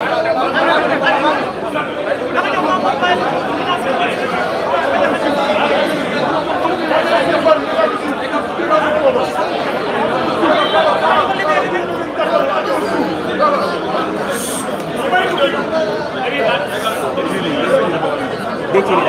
Geçelim. Geçelim.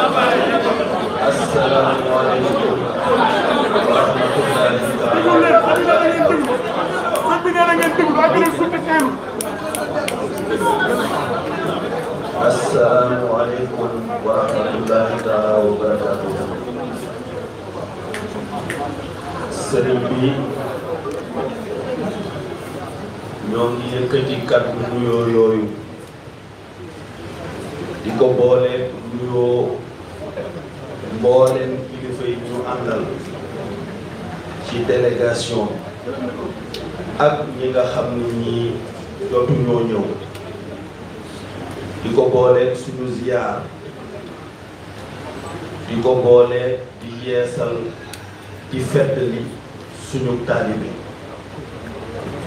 asalaamaaleykum wa rahmatullaahi asalaamaaleykum wa rahmatullaahi taala wa barakaatu sëriñ bi ñoo ngi yëkkati kàddu nuyoo yooyu di ko boole délégation ak ñi nga xam ni ñi dootu ñoo ñëw di ko boolee suñu ziyaar di ko boolee di yeesal di feddali suñu taalibe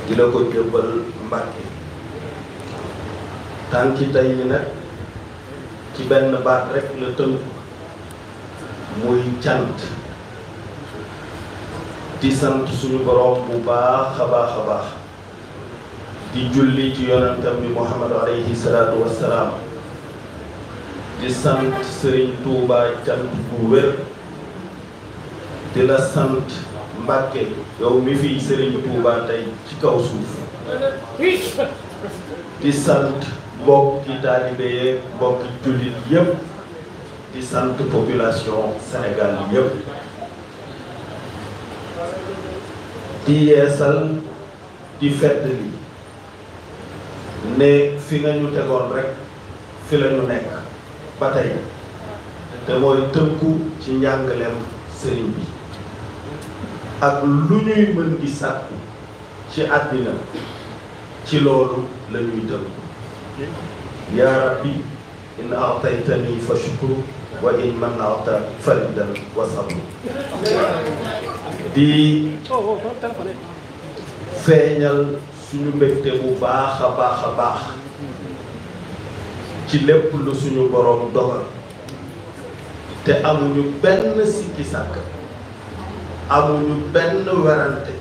di la ko jëbbal Mbàkke tànki tey nag ci benn baat rek la tënk muy cant di sant suñu borom bu baax a baax a baax di julli ci yonentam bi Muhammad alayhi salaatu wassalaam di sant Serigne Touba cant bu wér di la sant Mbàkke yow mi fii Serigne Touba tey ci kaw suuf di sant mbokki taalibe yeeg mbokki jullit yépp di sant population Sénégal yépp di yeesal di fedd li ne fi nga tegoon rek fi la nekk ba te mooy tënku ci njàngaleem sëriñ bi ak lu ñuy mën di sàkku ci àddina ci loolu la ñuy tënku yaa rabbi in aataytani fa shukru wa in manata faridan wa di oh, oh, oh, feeñal suñu mbégte bu baax a baax a baax ci lépp lu suñu boroom dogal te amuñu benn sikki amuñu benn werante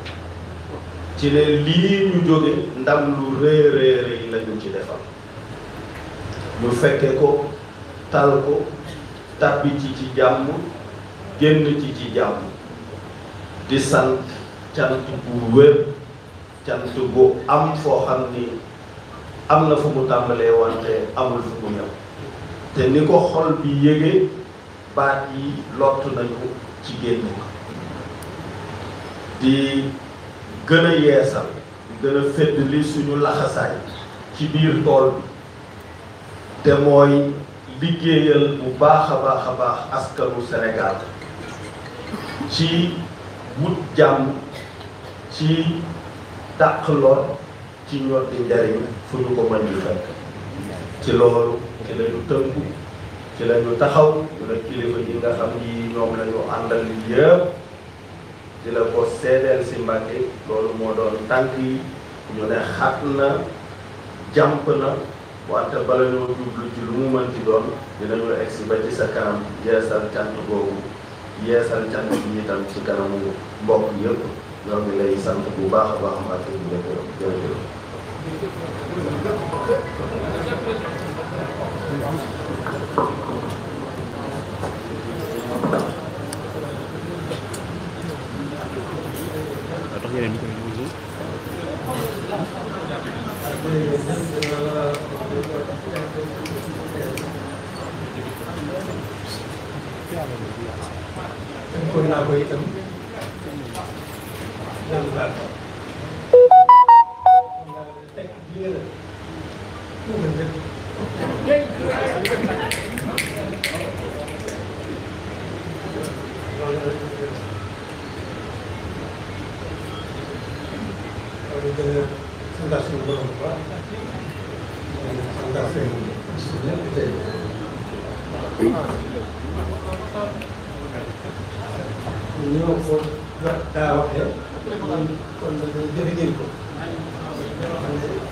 ci ne lii ñu jóge ndam lu rëy rëy rëy lañu ci defal ñu fekke ko tal ko tàbbi ci ci jàmm génn ci ci jàmm di sant cant bu wér cant bu am foo xam ni am na fu mu tàmbalee wante amul fu mu ñëw te ni ko xol bi yëgee baat yi lott nañu ci génn di gën yeesal di gën a fedd li suñu laxasaay ci biir tool bi te mooy liggéeyal bu baax a baax a baax askanu ci wut jàmm ci dàq lor ci ñor di njariñ fu ñu ko mën di fekk ci loolu ci lañu tënku ci lañu taxaw ñu la kilifa yi nga xam ni ñoom lañu àndal li yëpp la ko seedeel si Mbàkke loolu moo doon tànk yi ñu ne xat na jàmp na wante bala ñoo jublu ci lu mu mën ci doon dinañu egsi ba ci sa kanam jeesal cant boobu yeesal cant yi itam ci kanamu mbokk yëpp ñoo ngi lay sant bu baax a baax mbàkke bi njëkk jërëjëf Thank you. kon naa ko itam jàll baal ko. Thank you. ñu ñëw ko daa wax kon nag jëfe ngeen ko.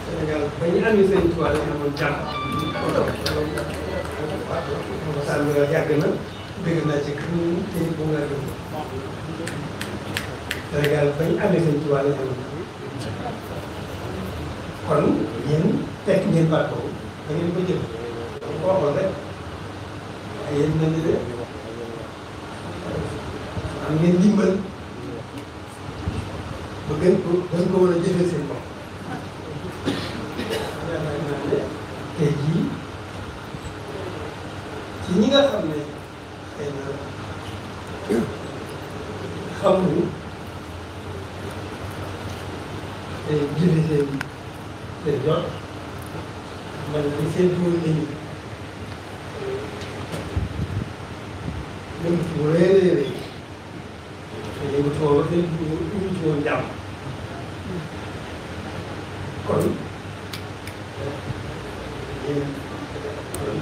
Sénégal ba ñu amee seen tubaab yi amoon jàmm. waaw yàgg na dégg naa ci kii bu nga dégg. Sénégal ba ñu amee seen tubaab yi amoon kon yéen fekk ngeen baat boobu da ngeen ko jël. ko waxoon rek yéen nañu de. am ngeen ndimbal ba gën ko gën ko mën a jëfee seen bopp tey jii ci ne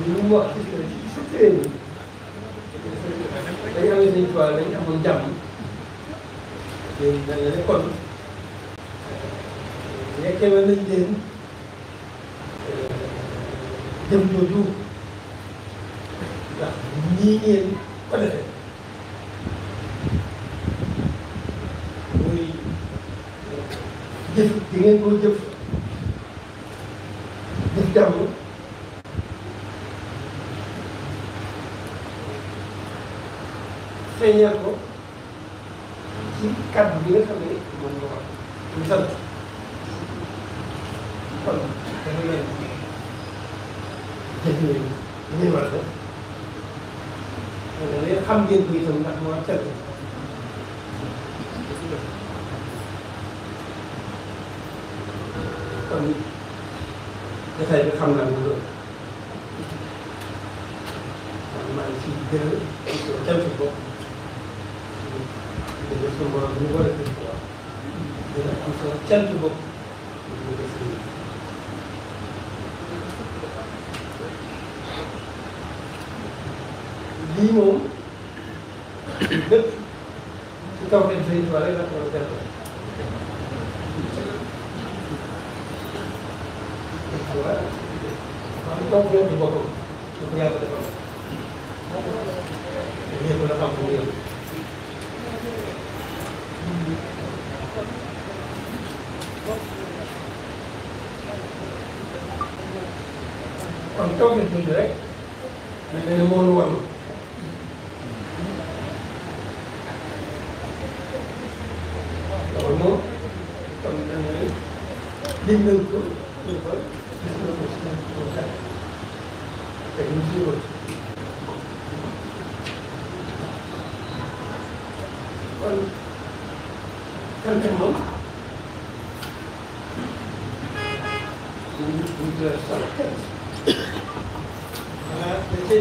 li mu wax ci sa ci réew mi dañu amee Sëñ Tuubaa dañu amoon jàmm léegi da nga ne kon nekkee woon nañ leen jëm jooju ndax nii ngeen ko defee kàddu gi nga xam ne moom nga wax ñu sant kon dafa mel jëf yooyu dañuy war a def da ngay xam ngeen ko itam ndax moo tënk kon dafay bi xam naa ne loolu man maa ngi ciy gën a cant bopp lii moom lépp ci kaw xel Sëriñ Tuubaa rek la ko war a jàppale waaw xam nga kaw xel boppam da ko yàlla defal. kon taw bi dund rek dañ leen a mën a wan. loolu moom kon dañu ne liñ nañ ko ñu ko gis nañ ko si ñun pour tànn te ñu si woon. kon sant moom ñu ngi ñu ngi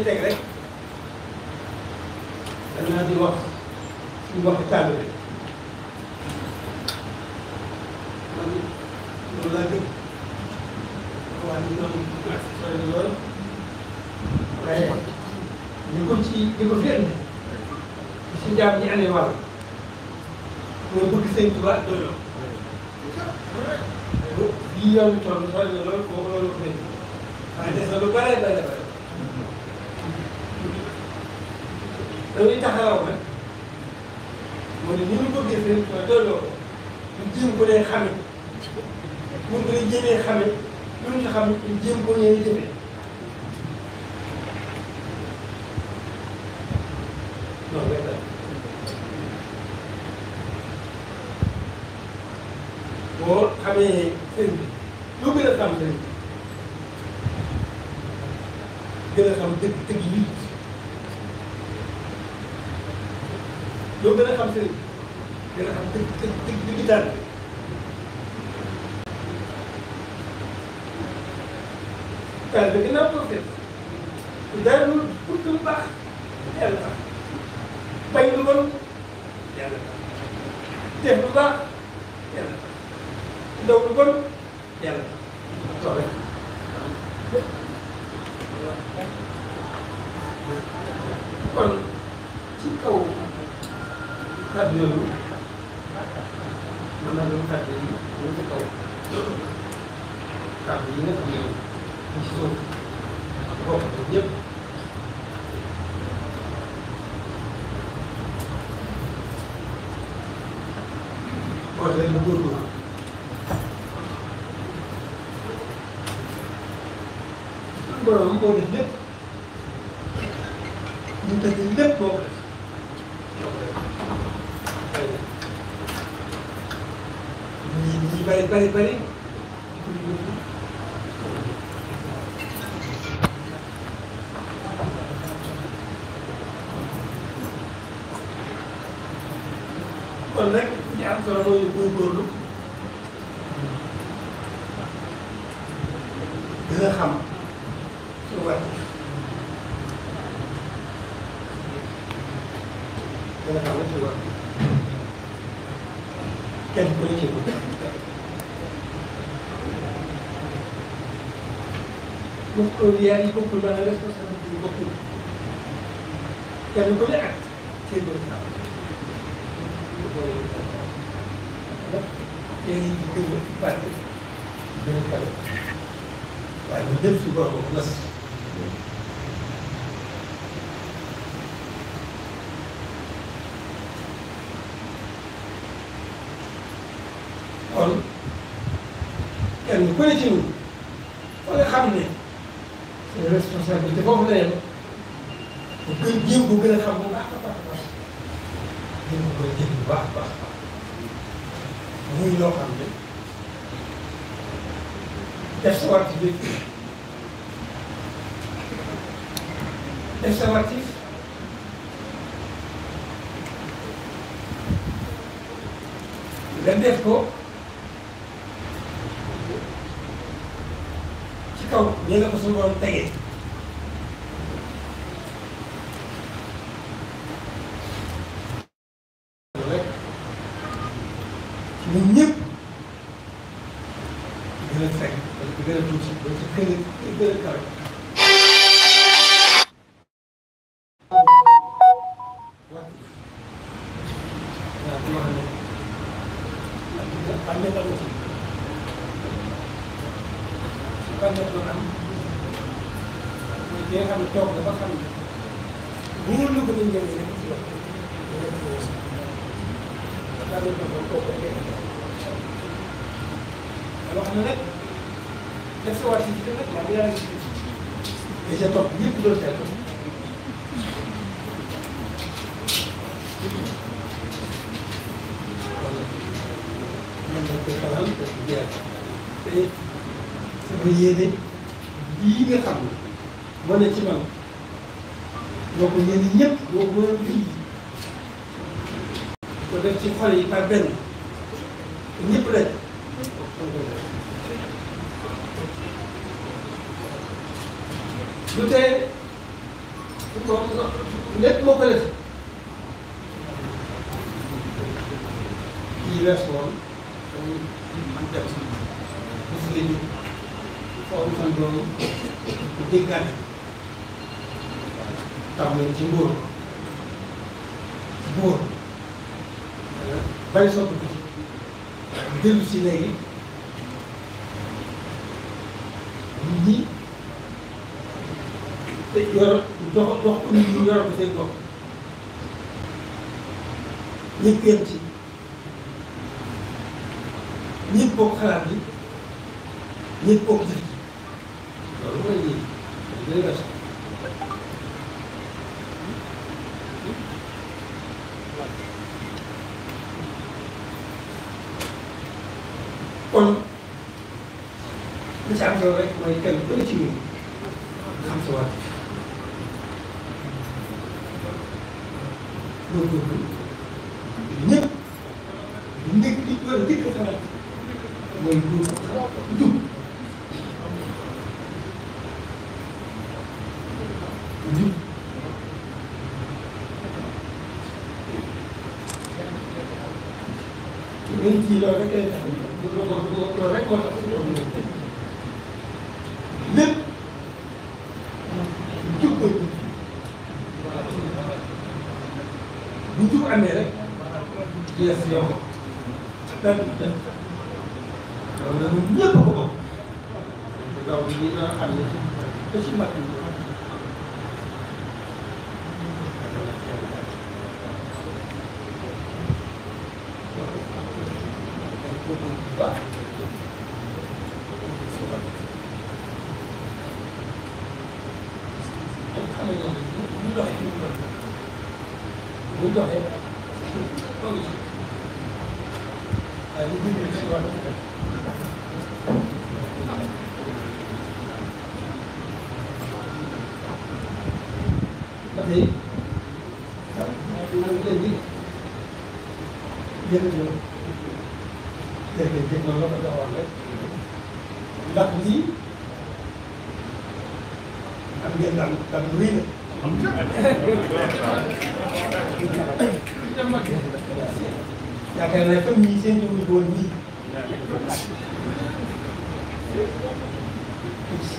teg rek danaa di wax suñu waxi taalibe man loolu laa gëm waaye ñu doon sori lool waaye ñu ko ci ñu ko fenn si jaam ñi amee wàll mooy bëgg sëñ Tuubaa doyoo lii yoon toll sori na lool kooku loolu ko fenn waaye des na lu bare bare da ngay taxawal nag mu ne ni ñu ko gis rek mooy doyloo ko ñu jéem ko dee xame mun ko dee jëmee xame lu ñu xam ñu jéem ko nee jëmee noonu lay def boo xamee sëñ bi lu gën a xam sëñ bi gën a xam dëgg dëgg yi doo gën a xam sëriñ gën a xam dëgg dëgg dëgg dëgg taal taal bi gën a am procès lu dara lu ut lu baax yàlla tax bañ lu bon yàlla tax def lu baax yàlla tax ndaw lu bon yàlla tax soxla kon kat yooyu yu bëri bëri bëri ñoom awliyaa yi bokkul maanaam responsabilité yi bokkul kenn ku ne ak kenn ku ne léegi ñu gën a bàyyi gën a kawe waaye ñu dem si borom nas kon kenn ku ne ci ñun responsabilité boobu la yem bu gën jéem bu gën a xam bu baax a baax a baax jéem bu gën a jéem bu baax a baax muy loo xam ne def sa wartif bi def sa wartif nga def ko ci kaw ñu gën a tuuti ba ci kër yi gën a kawe léegi nag ñu toog dafa xam ne wóor na ko ni njëriñ man dañ koy te sama yéene lii nga xam ne wane ci man boo ko yéene ñëpp boo ko lii yi par benn ñëpp rek. lu tee lépp moo weesu woon dañuy mën a def suñu ñu foofu fan loolu bu déggaate tax nañ ci nguur nguur bari soppi ci dellu si léegi nit ñi yor dox dox nit ñi yor ko seen bopp ñëpp yem ci ñëpp bokk xalaat bi ñëpp bokk jëf ji loolu mooy lii dañu gën a kon li ci am solo rek mooy kenn ku ne ci ñun xam sa waat loolu ñëpp ndig mooy jub jub jub même ci loolu rek lay tax loolu rek moo tax lépp loolu la ñun ñëpp a ko bokk donc loolu lii dana xam ne ba ci mag yi bu doxee tey man léegi léegi jërëjëf jërëjëf loolu la ko joxoon rek ndax lii am ngeen daal daal lu rëy la. yaakaar naa comme ni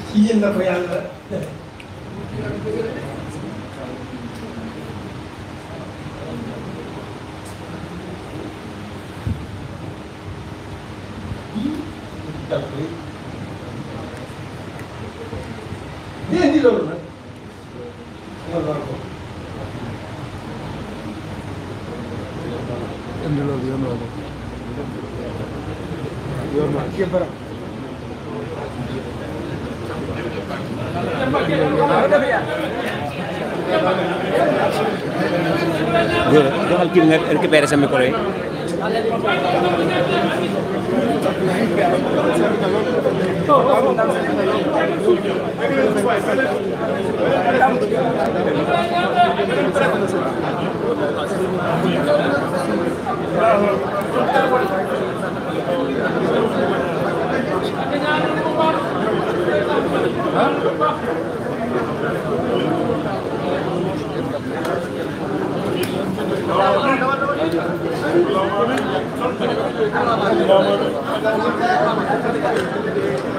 ci yéen la yàlla joxal kii bi nga récupéré sa micro yi. Thank you.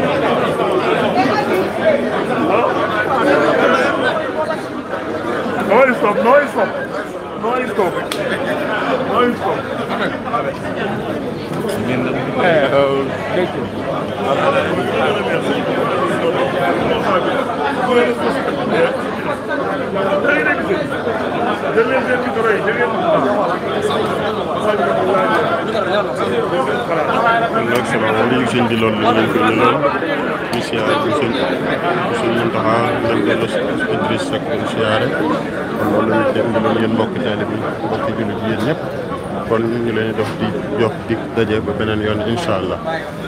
Neues Stop, neues Stop. Neues Stop. Neues Stop. Amen. Amen. sëñ bi loolu la ñu ko ñëloon ñu siyaare bu sëñ sëñ Muntaxa dem dellu Idriss Seck ñu siyaare kon loolu la ñu teg ndiloon yéen mbokki taalibe bi mbokki jullit yéen ñëpp kon ñu leen dox di jox di daje ba beneen yoon incha allah